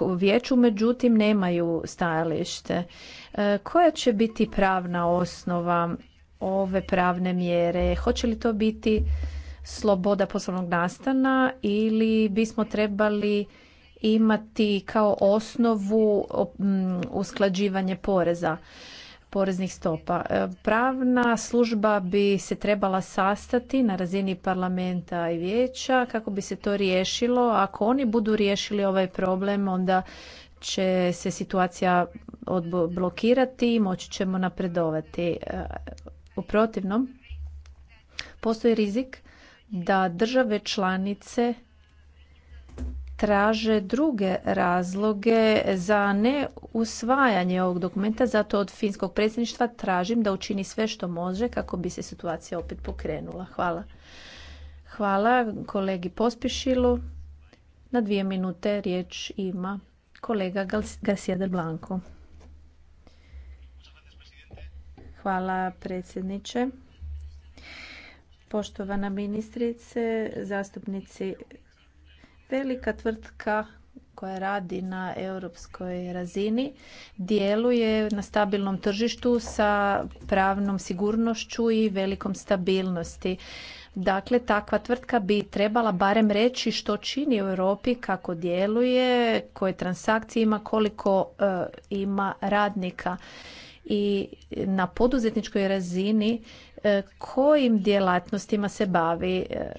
u vijeću, međutim nemaju stajalište. E, koja će biti pravna osnova ove pravne mjere? Hoće li to biti sloboda poslovnog nastana ili bismo trebali imati kao osnovu usklađivanje poreza? poreznih stopa. E, pravna služba bi se trebala sastati na razini parlamenta i vijeća kako bi se to riješilo. Ako oni budu riješili ovaj problem, onda će se situacija blokirati i moći ćemo napredovati. E, u protivnom, postoji rizik da države članice traže druge razloge za ne usvajanje ovog dokumenta, zato od finskog predsjedništva tražim da učini sve što može kako bi se situacija opet pokrenula. Hvala. Hvala kolegi Pospišilu. Na dvije minute riječ ima kolega Garcia de Blanco. Hvala predsjedniče. Poštovana ministrice, zastupnici velika tvrtka koja radi na europskoj razini djeluje na stabilnom tržištu sa pravnom sigurnošću i velikom stabilnosti. Dakle, takva tvrtka bi trebala barem reći što čini u Europi, kako djeluje, koje transakcije ima, koliko e, ima radnika. I na poduzetničkoj razini e, kojim djelatnostima se bavi. E,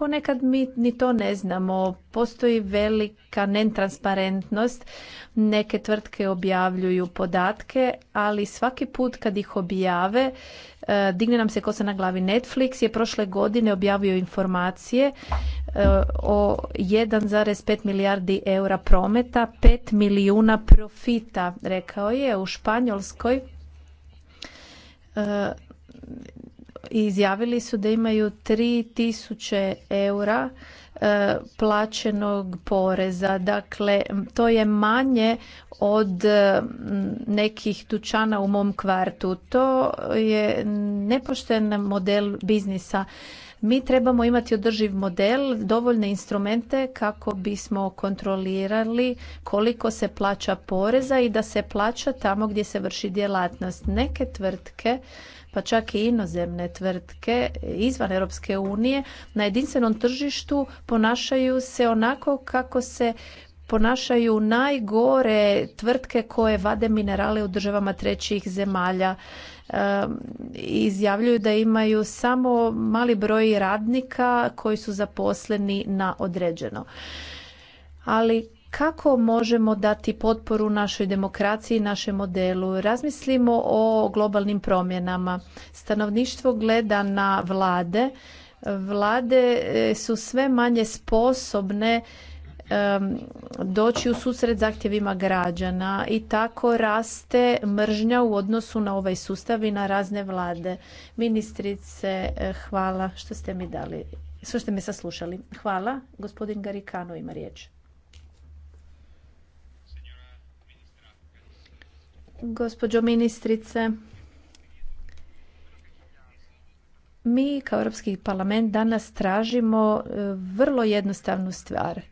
ponekad mi ni to ne znamo. Postoji velika netransparentnost. Neke tvrtke objavljuju podatke, ali svaki put kad ih objave, e, digne nam se kosa na glavi. Netflix je prošle godine objavio informacije e, o 1,5 milijardi eura prometa, 5 milijuna profita, rekao je u Španjolskoj e, izjavili su da imaju 3000 eura e, plaćenog poreza. Dakle, to je manje od e, nekih tučana u mom kvartu. To je nepošten model biznisa. Mi trebamo imati održiv model, dovoljne instrumente kako bismo kontrolirali koliko se plaća poreza i da se plaća tamo gdje se vrši djelatnost. Neke tvrtke pa čak i inozemne tvrtke izvan Europske unije na jedinstvenom tržištu ponašaju se onako kako se ponašaju najgore tvrtke koje vade minerale u državama trećih zemalja izjavljuju da imaju samo mali broj radnika koji su zaposleni na određeno. Ali kako možemo dati potporu našoj demokraciji, i našem modelu? Razmislimo o globalnim promjenama. Stanovništvo gleda na vlade. Vlade e, su sve manje sposobne doći u susret zahtjevima građana i tako raste mržnja u odnosu na ovaj sustav i na razne vlade. Ministrice, e, hvala što ste mi dali, što ste me saslušali. Hvala. Gospodin Garikano ima riječ. Gospođo ministrice, mi kao Europski parlament danas tražimo e, vrlo jednostavnu stvar –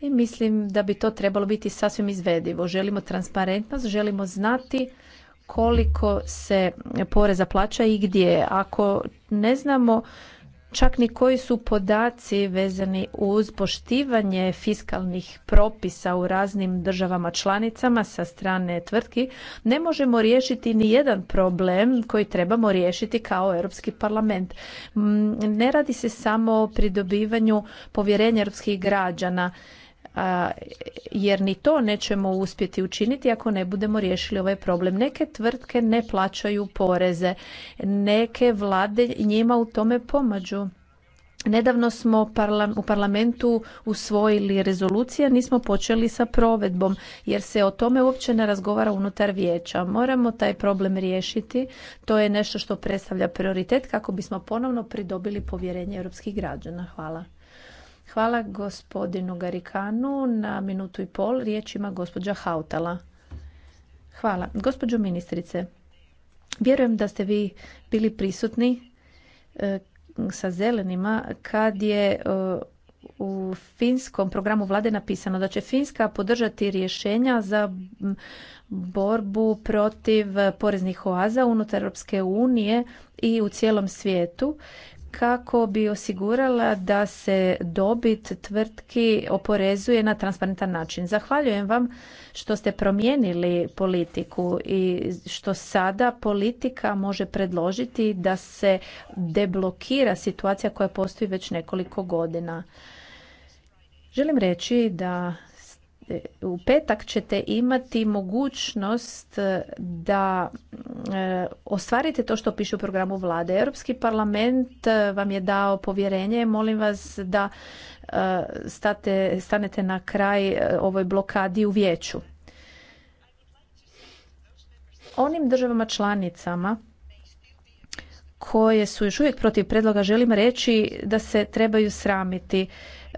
i mislim da bi to trebalo biti sasvim izvedivo. Želimo transparentnost, želimo znati koliko se poreza plaća i gdje. Ako ne znamo čak ni koji su podaci vezani uz poštivanje fiskalnih propisa u raznim državama članicama sa strane tvrtki, ne možemo riješiti ni jedan problem koji trebamo riješiti kao Europski parlament. Mm, ne radi se samo o pridobivanju povjerenja europskih građana jer ni to nećemo uspjeti učiniti ako ne budemo riješili ovaj problem. Neke tvrtke ne plaćaju poreze, neke vlade njima u tome pomažu. Nedavno smo u parlamentu usvojili rezolucije, nismo počeli sa provedbom jer se o tome uopće ne razgovara unutar vijeća. Moramo taj problem riješiti, to je nešto što predstavlja prioritet kako bismo ponovno pridobili povjerenje europskih građana. Hvala. Hvala gospodinu Garikanu na minutu i pol. Riječ ima gospođa Hautala. Hvala. Gospođo ministrice, vjerujem da ste vi bili prisutni e, sa zelenima kad je e, u finskom programu vlade napisano da će Finska podržati rješenja za borbu protiv poreznih oaza unutar Europske unije i u cijelom svijetu kako bi osigurala da se dobit tvrtki oporezuje na transparentan način. Zahvaljujem vam što ste promijenili politiku i što sada politika može predložiti da se deblokira situacija koja postoji već nekoliko godina. Želim reći da u petak ćete imati mogućnost e, da e, ostvarite to što piše u programu vlade. Europski parlament e, vam je dao povjerenje, molim vas da state, stanete na kraj ovoj blokadi u vijeću. Onim državama članicama koje su još uvijek protiv predloga želim reći da se trebaju sramiti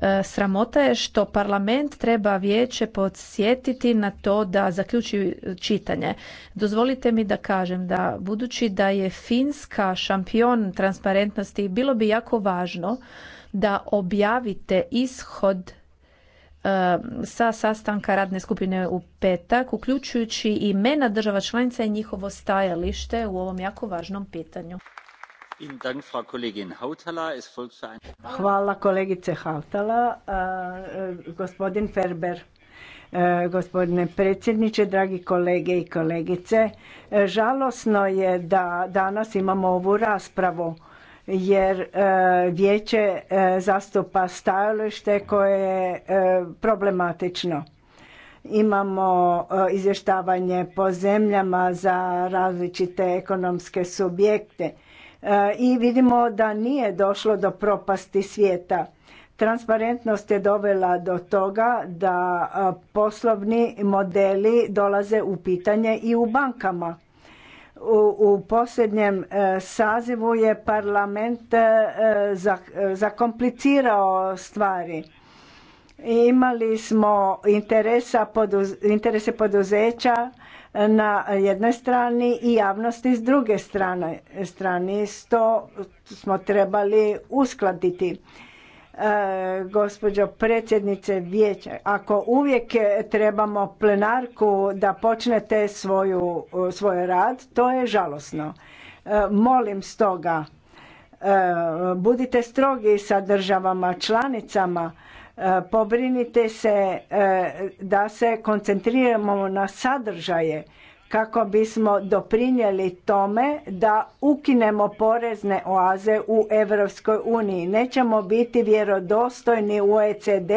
E, sramota je što parlament treba vijeće podsjetiti na to da zaključi čitanje. Dozvolite mi da kažem da budući da je Finska šampion transparentnosti, bilo bi jako važno da objavite ishod e, sa sastanka radne skupine u petak, uključujući imena država članica i njihovo stajalište u ovom jako važnom pitanju. Hvala kolegice Hautala. E, gospodin Ferber. E, gospodine predsjedniče, dragi kolege i kolegice, e, žalosno je da danas imamo ovu raspravu jer vijeće zastupa stajalište koje je problematično. Imamo izvještavanje po zemljama za različite ekonomske subjekte E, i vidimo da nije došlo do propasti svijeta. Transparentnost je dovela do toga da e, poslovni modeli dolaze u pitanje i u bankama. U, posljednjem e, sazivu je parlament zakomplicirao stvari. Imali smo interesa, interese poduzeća na jednoj strani i javnosti s druge strane. strani. To smo trebali uskladiti. E, gospođo predsjednice vijeća, ako uvijek trebamo plenarku da počnete svoju, svoj rad, to je žalosno. E, molim stoga, e, budite strogi sa državama članicama, Pobrinite se e, da se koncentriramo na sadržaje kako bismo doprinijeli tome da ukinemo porezne oaze u Europskoj uniji. Nećemo biti vjerodostojni u OECD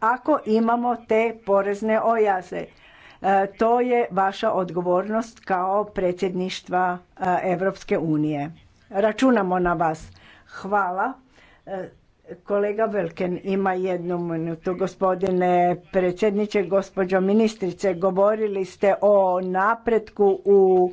ako imamo te porezne ojaze. E, to je vaša odgovornost kao predsjedništva Europske unije. Računamo na vas. Hvala. E, Kolega Velken ima jednu minutu. Gospodine predsjedniče, gospođo ministrice, govorili ste o napretku u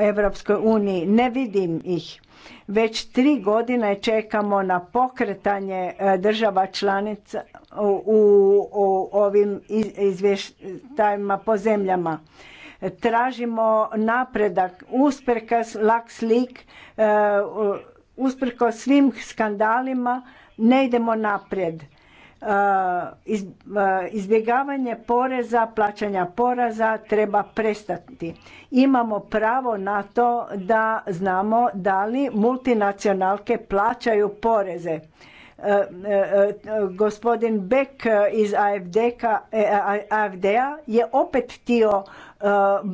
Europskoj uniji. Ne vidim ih. Već tri godine čekamo na pokretanje e, država članica u, u ovim izvještajima po zemljama. Tražimo napredak, usprkos lak slik, e, usprkos svim skandalima, ne idemo naprijed. E, e, izbjegavanje poreza, plaćanja poreza treba prestati. Imamo pravo na to da znamo da li multinacionalke plaćaju poreze. E, gospodin Beck iz AFD-a je opet htio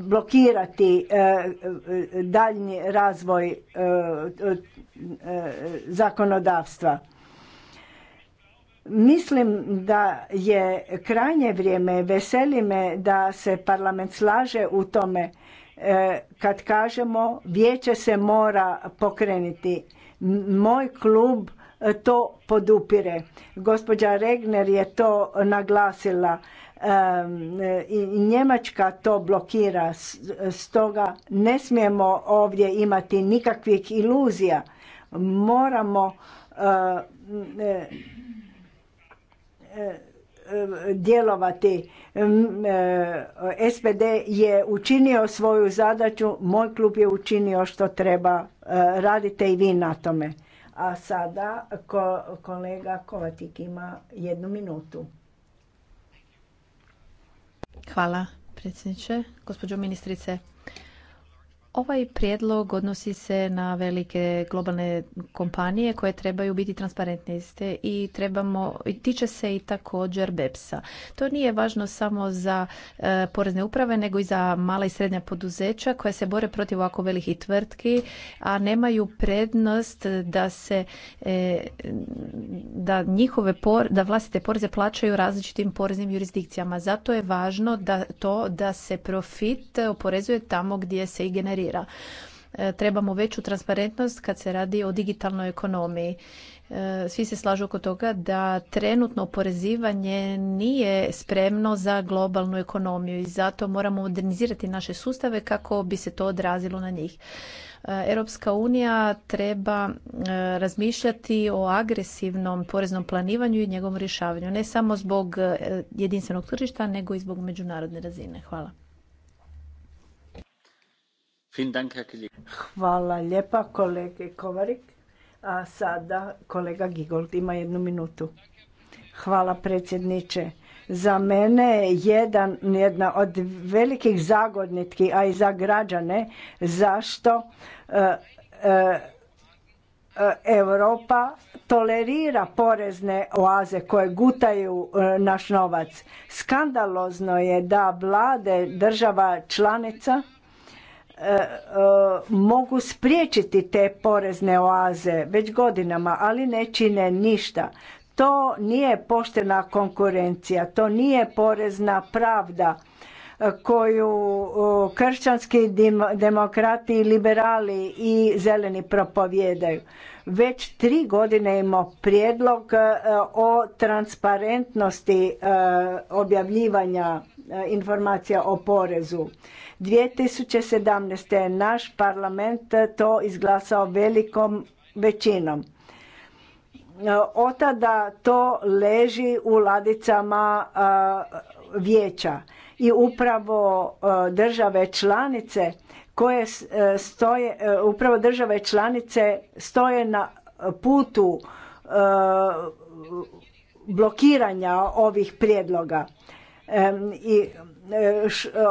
blokirati daljnji razvoj zakonodavstva Mislim da je krajnje vrijeme, veseli me da se parlament slaže u tome e, kad kažemo vijeće se mora pokrenuti. Moj klub e, to podupire. Gospođa Regner je to naglasila e, i Njemačka to blokira. Stoga ne smijemo ovdje imati nikakvih iluzija. Moramo djelovati. E, SPD je učinio svoju zadaću, moj klub je učinio što treba, e, radite i vi na tome. A sada kolega Kovatik ima jednu minutu. Hvala predsjedniče, gospođo ministrice. Ovaj prijedlog odnosi se na velike globalne kompanije koje trebaju biti transparentne i trebamo, tiče se i također BEPS-a. To nije važno samo za e, porezne uprave, nego i za mala i srednja poduzeća koja se bore protiv ovako velikih tvrtki, a nemaju prednost da se e, da njihove da vlastite poreze plaćaju različitim poreznim jurisdikcijama. Zato je važno da to da se profit oporezuje tamo gdje se i generira E, trebamo veću transparentnost kad se radi o digitalnoj ekonomiji. E, svi se slažu oko toga da trenutno oporezivanje nije spremno za globalnu ekonomiju i zato moramo modernizirati naše sustave kako bi se to odrazilo na njih. E, Europska unija treba razmišljati o agresivnom poreznom planivanju i njegovom rješavanju, ne samo zbog jedinstvenog tržišta, nego i zbog međunarodne razine. Hvala. Hvala lijepa kolege Kovarik. A sada kolega Gigold ima jednu minutu. Hvala predsjedniče. Za mene jedan, jedna od velikih zagodnitki, a i za građane, zašto e, e, e, Europa tolerira porezne oaze koje gutaju naš novac. Skandalozno je da vlade država članica E, e, mogu spriječiti te porezne oaze već godinama, ali ne čine ništa. To nije poštena konkurencija, to nije porezna pravda e, koju kršćanski demokrati liberali i zeleni propovijedaju. Već tri godine imamo prijedlog o transparentnosti objavljivanja E, informacija o porezu. 2017. je naš parlament to izglasao velikom većinom. E, otada to leži u ladicama e, vijeća i upravo države članice koje stoje, upravo države članice stoje na putu blokiranja ovih prijedloga. I e, e,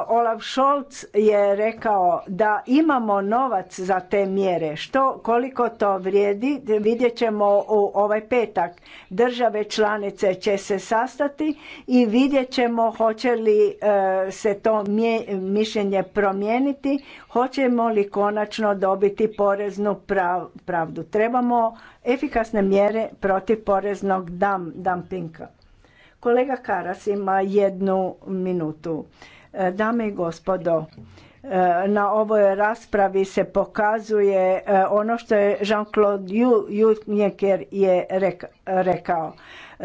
Olaf Scholz je rekao da imamo novac za te mjere. Što, koliko to vrijedi, vidjet ćemo u ovaj petak. Države članice će se sastati i vidjet ćemo hoće li e, se to mišljenje promijeniti, hoćemo li konačno dobiti poreznu pravdu. Trebamo efikasne mjere protiv poreznog dumpinga. Kolega Karas ima jednu minutu. E, dame i gospodo, e, na ovoj raspravi se pokazuje e, ono što je Jean-Claude Juncker je rekao.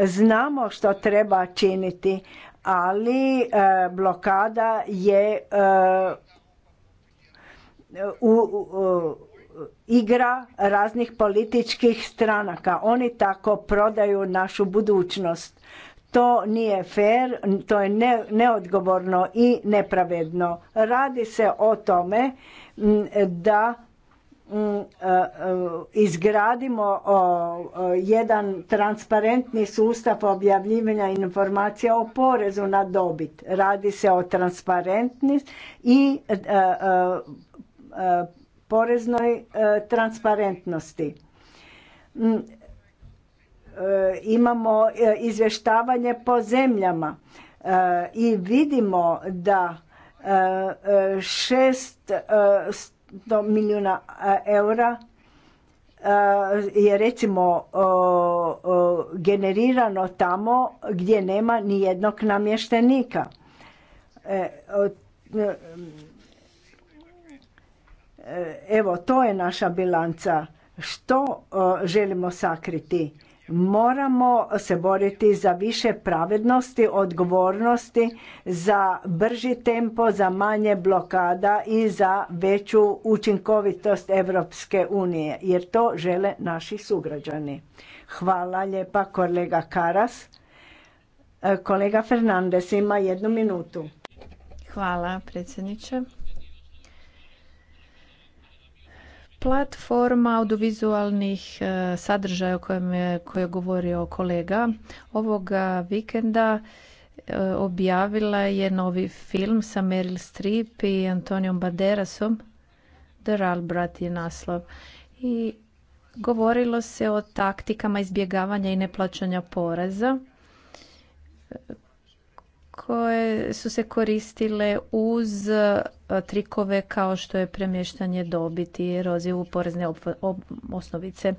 Znamo što treba činiti, ali blokada je u igra raznih političkih stranaka. Oni tako prodaju našu budućnost. To nije fer, to je ne, neodgovorno i nepravedno. Radi se o tome da e, e, izgradimo jedan transparentni sustav objavljivanja informacija o porezu na dobit. Radi se o e, transparentnosti i poreznoj transparentnosti E, imamo e, izvještavanje po zemljama e, i vidimo da 600 milijuna eura je recimo generirano tamo gdje nema ni jednog namještenika. Evo, to je naša bilanca. Što želimo sakriti? Moramo se boriti za više pravednosti, odgovornosti, za brži tempo, za manje blokada i za veću učinkovitost Europske unije, jer to žele naši sugrađani. Hvala lijepa kolega Karas. E, kolega Fernandez ima jednu minutu. Hvala predsjedniče. Platforma audiovizualnih e, sadržaja o kojem je, koji je govorio kolega ovoga vikenda e, objavila je novi film sa Meryl Streep i Antonijom Baderasom. The Brat je naslov. I govorilo se o taktikama izbjegavanja i neplaćanja poreza koje su se koristile uz e, trikove kao što je premještanje dobiti i eroziju porezne osnovice.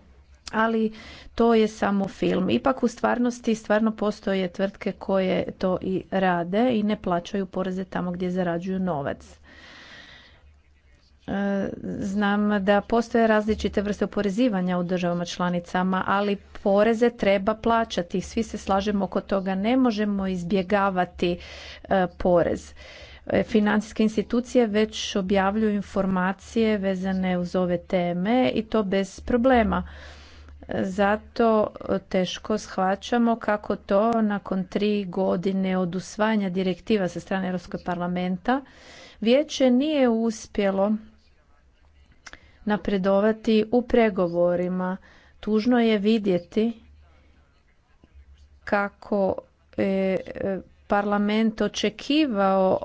Ali to je samo film. Ipak u stvarnosti stvarno postoje tvrtke koje to i rade i ne plaćaju poreze tamo gdje zarađuju novac. Znam da postoje različite vrste oporezivanja u državama članicama, ali poreze treba plaćati. Svi se slažemo oko toga. Ne možemo izbjegavati e, porez. E, financijske institucije već objavljuju informacije vezane uz ove teme i to bez problema. Zato teško shvaćamo kako to nakon tri godine od usvajanja direktiva sa strane Europskog parlamenta vijeće nije uspjelo napredovati u pregovorima. Tužno je vidjeti kako je e, parlament očekivao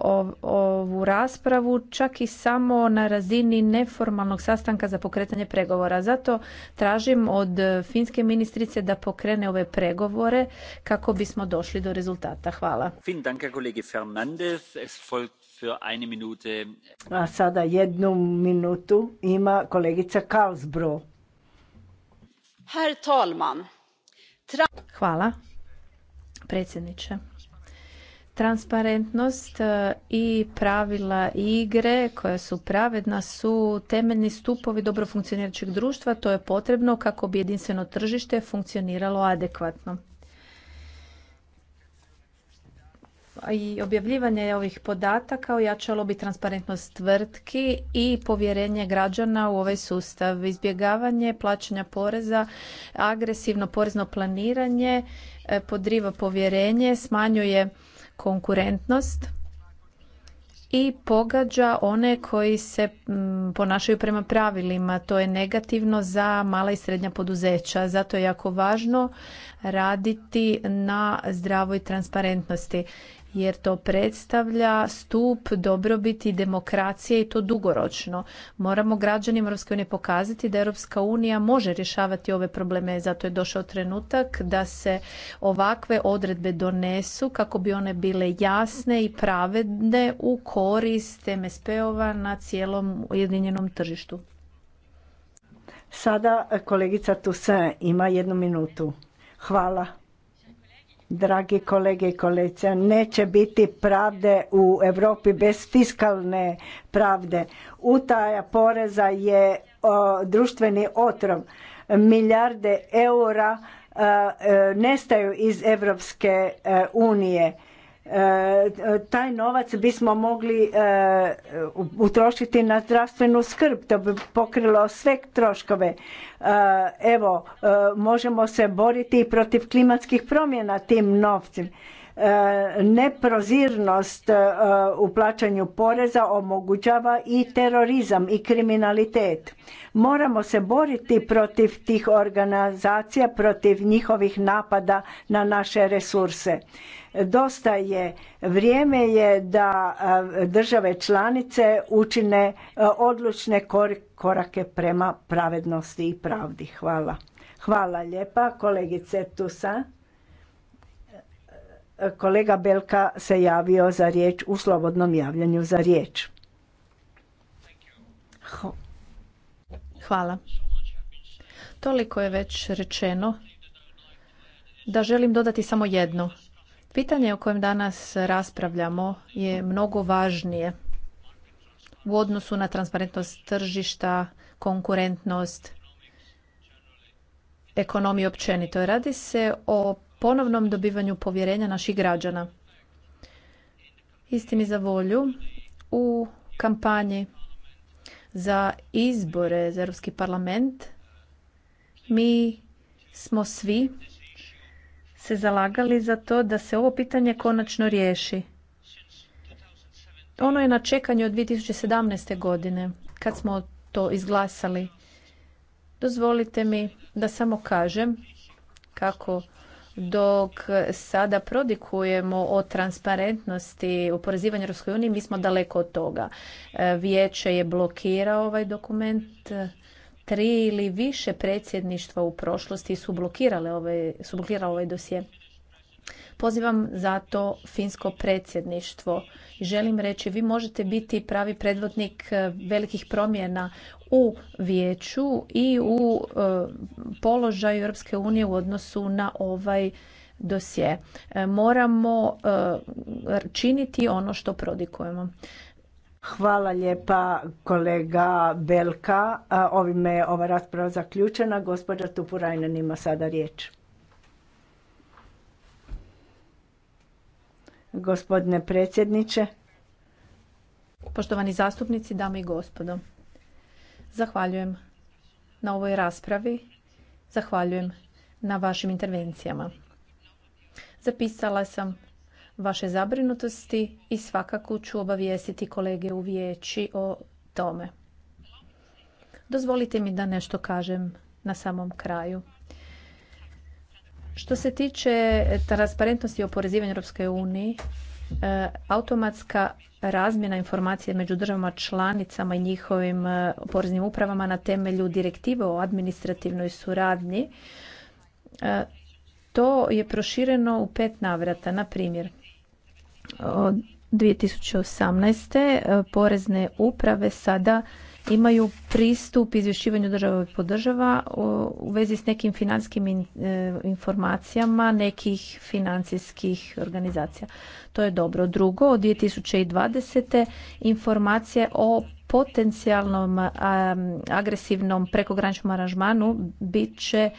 ovu raspravu čak i samo na razini neformalnog sastanka za pokretanje pregovora. Zato tražim od finske ministrice da pokrene ove pregovore kako bismo došli do rezultata. Hvala. A sada jednu minutu ima kolegica Kalsbro. Herr talman. Hvala, predsjedniče. Transparentnost e, i pravila igre koja su pravedna su temeljni stupovi dobro funkcionirajućeg društva. To je potrebno kako bi jedinstveno tržište funkcioniralo adekvatno. i objavljivanje ovih podataka ojačalo bi transparentnost tvrtki i povjerenje građana u ovaj sustav. Izbjegavanje plaćanja poreza, agresivno porezno planiranje e, podriva povjerenje, smanjuje konkurentnost i pogađa one koji se ponašaju prema pravilima. To je negativno za mala i srednja poduzeća. Zato je jako važno raditi na zdravoj transparentnosti jer to predstavlja stup dobrobiti demokracije i to dugoročno. Moramo građanima Europske unije pokazati da Europska unija može rješavati ove probleme, zato je došao trenutak da se ovakve odredbe donesu kako bi one bile jasne i pravedne u korist MSP-ova na cijelom ujedinjenom tržištu. Sada kolegica Tusa ima jednu minutu. Hvala dragi kolege i kolegice, neće biti pravde u Europi bez fiskalne pravde. Utaja poreza je o, društveni otrov. Milijarde eura e, nestaju iz Europske e, unije E, taj novac bismo mogli e, utrošiti na zdravstvenu skrb, to bi pokrilo sve troškove. E, evo, možemo se boriti i protiv klimatskih promjena tim novcem E, neprozirnost e, u plaćanju poreza omogućava i terorizam i kriminalitet. Moramo se boriti protiv tih organizacija, protiv njihovih napada na naše resurse. Dosta je, vrijeme je da e, države članice učine odlučne korake prema pravednosti i pravdi. Hvala. Hvala lijepa kolegice Tusa. Kolega Belka se javio za riječ u slobodnom javljanju za riječ. Hvala. Toliko je već rečeno da želim dodati samo jedno. Pitanje o kojem danas raspravljamo je mnogo važnije u odnosu na transparentnost tržišta, konkurentnost, ekonomiju općenito. Radi se o ponovnom dobivanju povjerenja naših građana. Istini za volju, u kampanji za izbore za Europski parlament mi smo svi se zalagali za to da se ovo pitanje konačno riješi. Ono je na čekanju od 2017. godine kad smo to izglasali. Dozvolite mi da samo kažem kako dok sada prodikujemo o transparentnosti u porazivanju Ruskoj uniji, mi smo daleko od toga. E, vijeće je blokirao ovaj dokument. Tri ili više predsjedništva u prošlosti su blokirale ovaj, su blokirale ovaj dosje. Pozivam zato finsko predsjedništvo i želim reći vi možete biti pravi predvodnik eh, velikih promjena u vijeću i u eh, položaju Europske unije u odnosu na ovaj dosje. Eh, moramo činiti ono što prodikujemo. Hvala lijepa kolega Belka. Ovime je ova rasprava zaključena. Gospođa Tupurajnen ima sada riječ. gospodine predsjedniče. Poštovani zastupnici, dame i gospodo. Zahvaljujem na ovoj raspravi. Zahvaljujem na vašim intervencijama. Zapisala sam vaše zabrinutosti i svakako ću obavijestiti kolege u vijeći o tome. Dozvolite mi da nešto kažem na samom kraju. Što se tiče e, transparentnosti i oporezivanja Europske unije, e, automatska razmjena informacija među državama članicama i njihovim e, poreznim upravama na temelju direktive o administrativnoj suradnji, to je prošireno u pet navrata. Na primjer, od 2018. porezne uprave sada imaju pristup izvješćivanju država po u vezi s nekim financijskim e, informacijama nekih financijskih organizacija. To je dobro. Drugo, od 2020. informacije o potencijalnom agresivnom prekograničnom aranžmanu bit će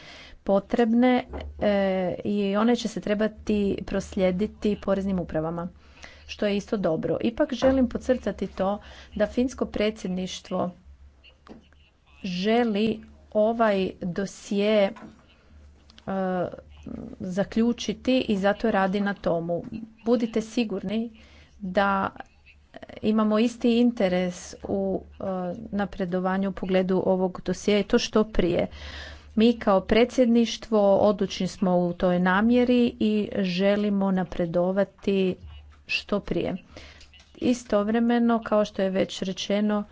potrebne e, i one će se trebati proslijediti poreznim upravama što je isto dobro. Ipak želim podcrtati to da finsko predsjedništvo želi ovaj dosje e, zaključiti i zato radi na tomu. Budite sigurni da imamo isti interes u e, napredovanju u pogledu ovog dosije i to što prije. Mi kao predsjedništvo odlučni smo u toj namjeri i želimo napredovati što prije. Istovremeno, kao što je već rečeno,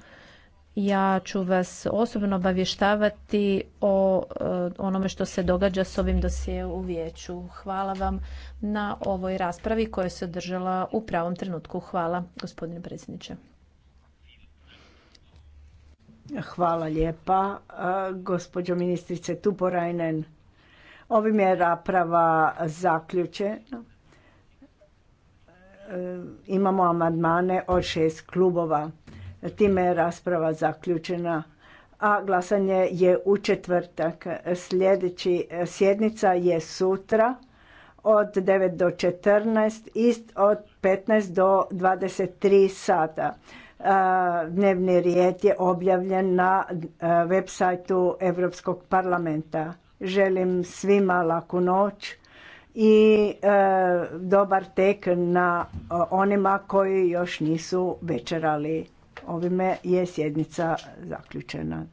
ja ću vas osobno obavještavati o e, onome što se događa s ovim dosije u vijeću. Hvala vam na ovoj raspravi koja se održala u pravom trenutku. Hvala, gospodine predsjedniče. Hvala lijepa, e, gospođo ministrice Tuporajnen. Ovim je raprava zaključena. E, imamo amandmane od šest klubova. Time je rasprava zaključena, a glasanje je u četvrtak. Sljedeći e, sjednica je sutra od 9 do 14, ist od 15 do 23 sata. E, dnevni red je objavljen na web sajtu Europskog parlamenta. Želim svima laku noć i e, dobar tek na onima koji još nisu večerali. Ovime je sjednica zaključena.